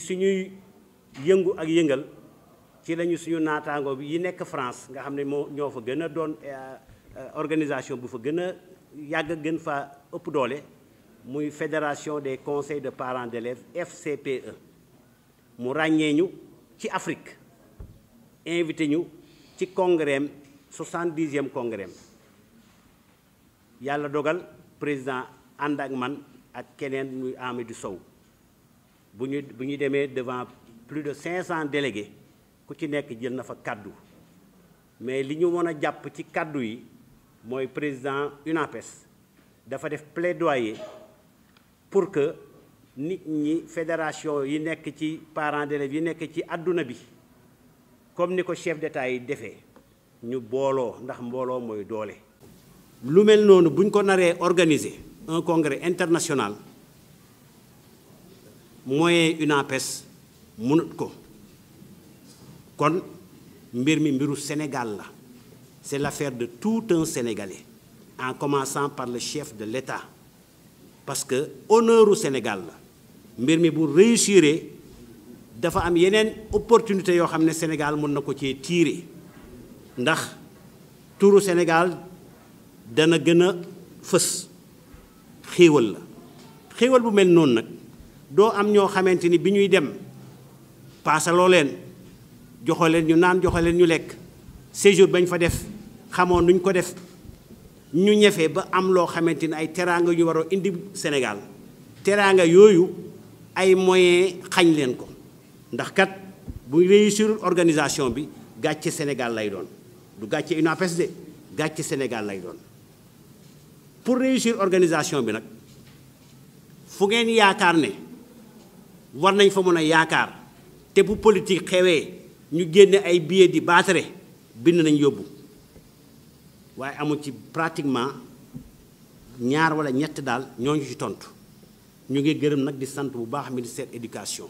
ci suñuy yëngu ak yëngal ci lañu suñu naataangoo bi yi nekk France nga xam ne moo ñoo fa gën a doon eh, eh, organisation bu fa gën a yàgg a gën fa ëpp doole muy fédération des conseils de parents d'élèves FCPE mu ràññee ñu ci Afrique invité ñu ci congrès am soixante-dixième congrès yàlla dogal président ànd ak man ak keneen muy Amidou Sow bu ñu bu ñu demee devant plus de cinq 500 délégués ku ci nekk jël na fa kàddu mais li ñu mën a jàpp ci kàddu yi mooy président unipes dafa def plaidoyer pour que nit ñi fédération yi nekk ci parent d'élèves yi nekk ci àdduna bi comme ni ko chef d'état yi defee ñu booloo ndax mbooloo mooy doole. lu mel noonu buñ ko naree organiser un congrès international. moyen UNAPES mënut ko kon mbir mi mbiru Sénégal la c'est l'affaire de tout un Sénégalais en commençant par le chef de l'État parce que honneur u Sénégal la mbir mi bu réussir dafa am yeneen opportunité yoo xam ne Sénégal mën na ko cee tiire ndax turu Sénégal dana gën a fës xéewal la xéewal bu mel noonu nag doo am ñoo xamante ni bi ñuy dem paasaloo leen joxo leen ñu naan joxe leen ñu lekk séjour bañ fa def xamoon nuñ ko def ñu ñefe ba am loo xamante ni ay teraanga yu waroo indi Sénégal teraanga yooyu ay moyens xañ leen ko ndax kat bu réussir organisation bi gàcce Sénégal lay doon du gàcce UNAPES de gàcce Sénégal lay doon pour réussir organisation bi nag fu ngeen yaakaar ne war nañ fa mën a yaakaar te bu politique xewee ñu génne ay billets di baatare bind nañ yóbbu waaye amul ci pratiquement ñaar wala ñett daal ñoo ñooñu ci tontu ñu ngi gërëm nag di sant bu baax ministère éducation